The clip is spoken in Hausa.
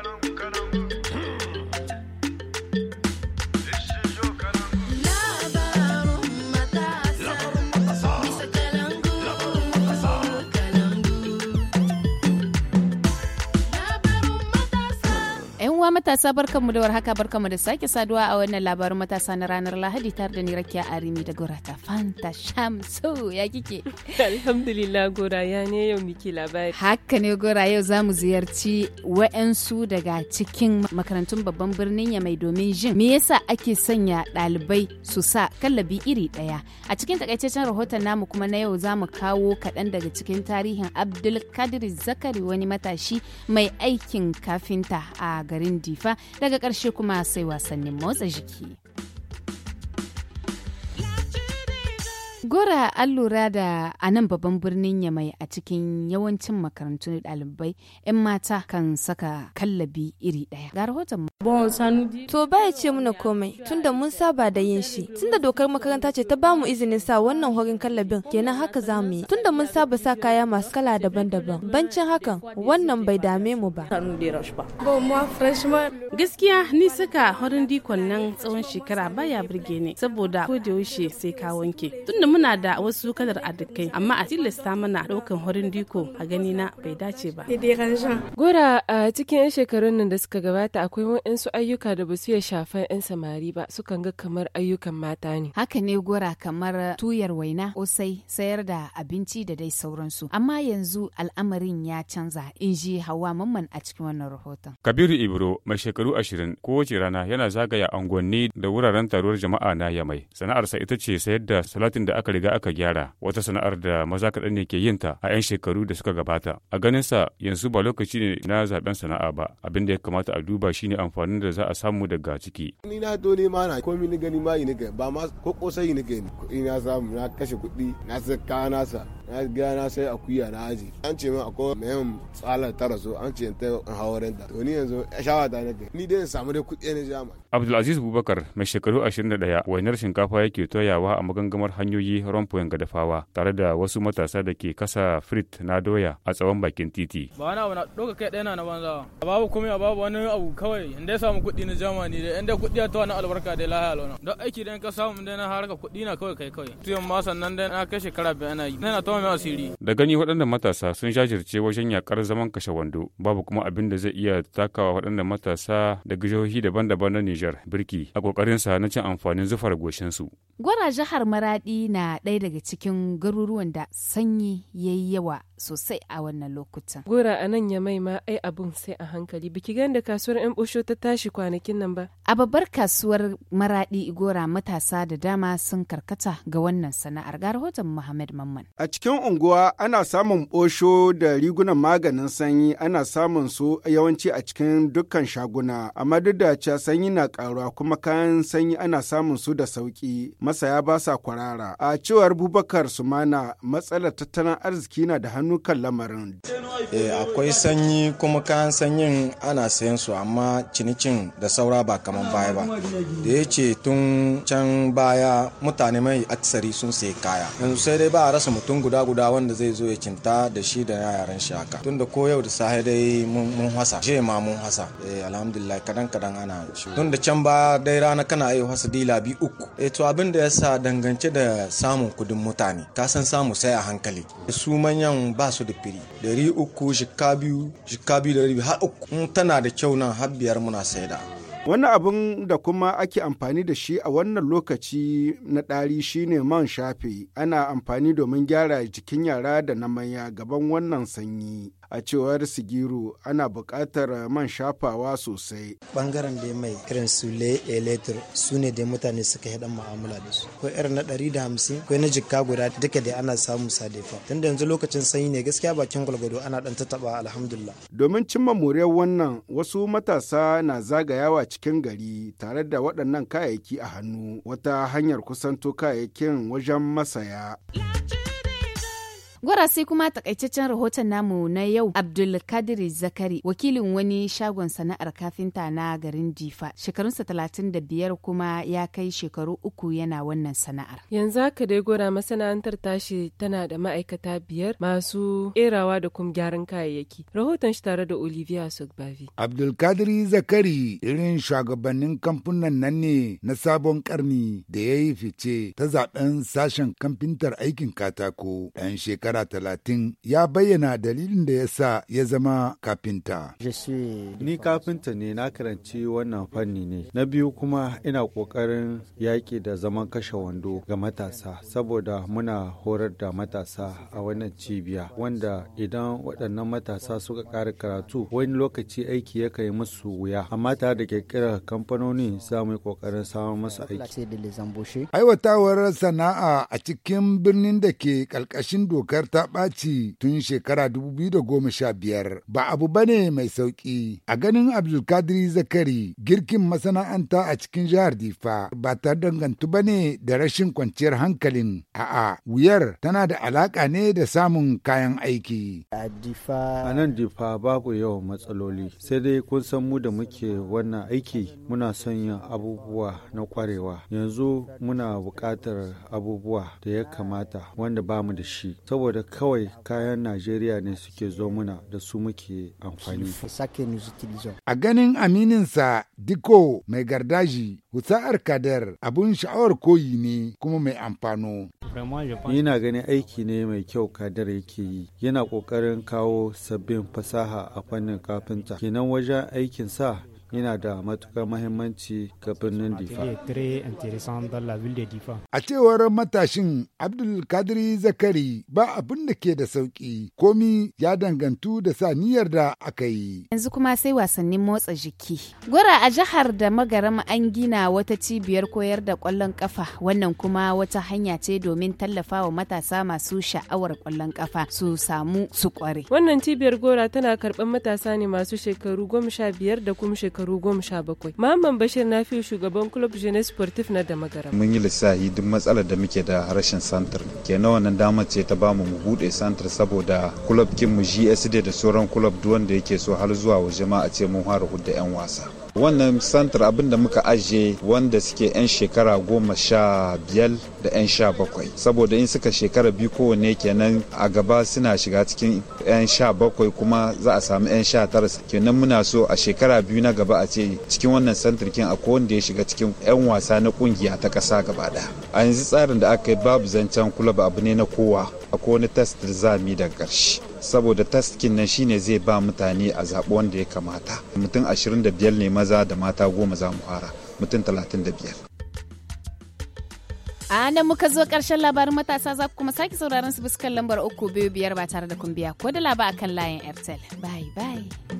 Economic. matasa barkanmu da warhaka barkanmu da sake saduwa a wannan labarin matasa na ranar Lahadi tare da ni Rakiya Arimi da Gorata Fanta Shamsu ya kike. Alhamdulillah Gora ya ne yau miki labari. Haka ne Gora yau za mu ziyarci wa'ansu daga cikin makarantun babban birnin ya mai domin jin me yasa ake sanya ɗalibai su sa kallabi iri ɗaya. A cikin takaitaccen rahoton namu kuma na yau za mu kawo kaɗan daga cikin tarihin Abdul Zakari wani matashi mai aikin kafinta a garin difa daga ƙarshe kuma sai wasannin motsa jiki. Gora an lura da a nan babban birnin Yamai a cikin yawancin makarantun ɗalibai 'yan mata kan saka kallabi iri ɗaya. Ga rahoton To baya ce muna komai tunda mun saba da yin shi. Tunda dokar makaranta ce ta bamu izinin sa wannan horin kallabin kenan haka za mu yi. Tunda mun saba sa kaya masu kala daban-daban. Bancin hakan wannan bai dame mu ba. Gaskiya ni saka horin dikon nan tsawon shekara baya burge ni saboda ko da yaushe sai ka wanke. Tunda muna da wasu kalar adakai amma a tilasta mana daukan horin diko a gani na bai dace ba. Gora a cikin 'yan shekarun nan da suka gabata akwai waɗansu ayyuka da ba su iya shafan 'yan samari ba sukan ga kamar ayyukan mata ne. Haka ne gora kamar tuyar waina, osai, sayar da abinci da dai sauransu. Amma yanzu al'amarin ya canza in ji hawa mamman a cikin wannan rahoton. Kabiru Ibro mai shekaru ashirin kowace rana yana zagaya unguwanni da wuraren taruwar jama'a na Yamai. Sana'arsa ita ce sayar da salatin da aka riga aka gyara wata sana'ar da maza kaɗan ne ke yin ta a 'yan shekaru da suka gabata. A ganinsa yanzu ba lokaci ne na zaben sana'a ba abin da ya kamata a duba shine amfani amfanin da za a samu daga ciki. Ni na to ne ma na komi ni gani ma yi ni gani ba ma ko kosai yi ni gani ina samu na kashe kuɗi na saka kana sa na gaya na sai akuya na aji an ce min akwai mayan tsalar tara so an ce ta in hauren ta to ni yanzu shawa ta nake ni dai in samu dai kuɗi ne jama Abdulaziz Bubakar mai shekaru 21 wainar shinkafa yake toyawa a magangamar hanyoyi Rompoyen dafawa tare da wasu matasa da ke kasa frit na doya a tsawon bakin titi. Ba wani abu na ɗauka kai ɗaya na na banza. Babu kuma babu wani abu kawai inda ya samu kuɗi na jamani da inda kuɗi ya ta wani albarka da lahiya launa. Don aiki da ka samu inda na harka kuɗi na kawai kai kawai. Tuyon ma sannan da na kai shekara biyar na yi. Na asiri. Da gani waɗannan matasa sun jajirce wajen yakar zaman kashe wando babu kuma abin da zai iya takawa waɗannan matasa da jihohi daban-daban na Nijar birki a ƙoƙarinsa na cin amfanin zufar goshinsu. Gwara jihar maraɗi na ɗaya daga cikin garuruwan da sanyi ya yi yawa sosai a wannan lokutan. Gora a nan ya mai ma ai abun sai a hankali biki gan da kasuwar 'yan bosho ta tashi kwanakin nan ba. A babbar kasuwar maradi gora matasa da dama sun karkata ga wannan sana'ar ga rahoton Muhammad Mamman. A cikin unguwa ana samun bosho da rigunan maganin sanyi ana samun su yawanci a cikin dukkan shaguna amma duk da cewa sanyi na karuwa kuma kayan sanyi ana samun su da sauki masaya ba sa kwarara. A cewar Bubakar Sumana matsalar tattalin arziki na da hannu hannu kan lamarin. Eh, akwai sanyi kuma kayan sanyin ana sayan su amma cinikin da saura ba kamar baya ba da ya ce tun can baya mutane mai aksari sun sayi kaya yanzu sai dai ba a rasa mutum guda guda wanda zai zo ya cinta da shi da yaran shi haka tun da ko yau da sahi dai mun hasa je ma mun hasa eh alhamdulillah kadan kadan ana shi tun da can baya dai rana kana yi hasa dila bi uku eh to abin da yasa dangance da samun kudin mutane ka san samu sai a hankali su manyan ba su da firi dari uku uku jika biyu jika biyu da rabi har uku tana da kyau nan har biyar muna saida wani abun da kuma ake amfani da shi a wannan lokaci na ɗari shine man shafe ana amfani domin gyara jikin yara da na manya gaban wannan sanyi a cewar sigiru ana buƙatar man shafawa sosai bangaren da mai irin su le electro su ne da mutane suka yi dan mu'amala da su ko irin na 150 ko na jikka guda duka da ana samu sadefa tunda yanzu lokacin sanyi ne gaskiya bakin gwalgwado ana dan tattaba alhamdulillah domin cimma moriyar wannan wasu matasa na zagayawa cikin gari tare da waɗannan kayayyaki a hannu wata hanyar kusanto kayayyakin wajen masaya. Gwara sai kuma takaitaccen rahoton namu na yau abdul Abdulkadir Zakari wakilin wani shagon sana'ar kafinta na garin Difa shekarunsa talatin da biyar kuma ya kai shekaru uku yana wannan sana'ar. Yanzu haka dai gora masana'antar tashi tana da ma'aikata biyar masu erawa da kuma gyaran kayayyaki. Rahoton shi tare da Olivia Sogbavi. Abdulkadir Zakari irin shugabannin kamfunan nan ne na sabon karni da ya yi fice ta zaben sashen kamfintar aikin katako ɗan shekara shekara talatin ya bayyana dalilin da ya sa ya zama kafinta. Ni kafinta ne na karanci wannan fanni ne. Na biyu kuma ina ƙoƙarin yaƙi da zaman kashe wando ga matasa saboda muna horar da matasa a wannan cibiya wanda idan waɗannan matasa suka ƙara karatu wani lokaci aiki ya yi musu wuya amma tare da ƙirƙirar kamfanoni za mu yi ƙoƙarin samun musu aiki. Aiwatawar sana'a a cikin birnin da ke ƙarƙashin dokar cutar ta ɓaci tun shekara 2015 ba abu bane mai sauƙi. A ganin Abdulkadiri Zakari girkin masana'anta a cikin jihar Difa ba ta dangantu bane da rashin kwanciyar hankalin. A'a, wuyar tana da alaƙa ne da samun kayan aiki. A nan Difa babu yawan matsaloli, sai dai kun san mu da muke wannan aiki muna son yin abubuwa na kwarewa. Yanzu muna buƙatar abubuwa da ya kamata wanda bamu da shi. Saboda saboda kawai kayan Najeriya ne suke zo muna da su muke amfani. A ganin amininsa Diko mai gardaji, Hussa'ar Kadar abun sha'awar koyi ne kuma mai amfano. Yana ganin aiki ne mai kyau Kadar yake yi, yana ƙoƙarin kawo sabbin fasaha a fannin kafinta. Kenan wajen aikinsa yana da matukar mahimmanci ga birnin Difa. A cewar matashin Abdulkadiri Zakari ba abin da ke da sauki komi ya dangantu da sa niyyar da aka yi. Yanzu kuma sai wasannin motsa jiki. Gura a jihar da magaram an gina wata cibiyar koyar da kwallon kafa wannan kuma wata hanya ce domin tallafa wa matasa masu sha'awar kwallon kafa su samu su kware. Wannan cibiyar gora tana karɓar matasa ne masu shekaru goma sha da kuma shekaru shekaru goma sha bakwai. mamman Bashir na fi shugaban Club Jeunesse Sportif na da magara. Mun yi lissahi duk matsalar da muke da rashin santar. ke nawa wannan dama ce ta bamu mu buɗe santar saboda club kinmu GSD da sauran club duwanda wanda yake so har zuwa waje ma a ce mun fara hudda 'yan wasa. wannan santar abin da muka ajiye wanda suke 'yan shekara goma sha biyar da 'yan sha bakwai saboda in suka shekara biyu kowanne kenan a gaba suna shiga cikin 'yan sha bakwai kuma za a samu 'yan sha tara kenan muna so a shekara biyu na gaba a ce cikin wannan santar kin a wanda ya shiga cikin 'yan wasa na kungiya ta ƙasa gaba da a yanzu tsarin da aka yi babu zancen kulab abu ne na kowa akwai wani tastir zami daga ƙarshe saboda taskin nan shine zai ba mutane a zaɓi wanda ya kamata mutum 25 ne maza da mata goma za mu fara mutum 35 a nan muka zo ƙarshen labarin matasa za ku kuma sake sauraron su fuskan lambar uku biyu biyar ba tare da kumbiya ko da laba akan layin airtel bye bye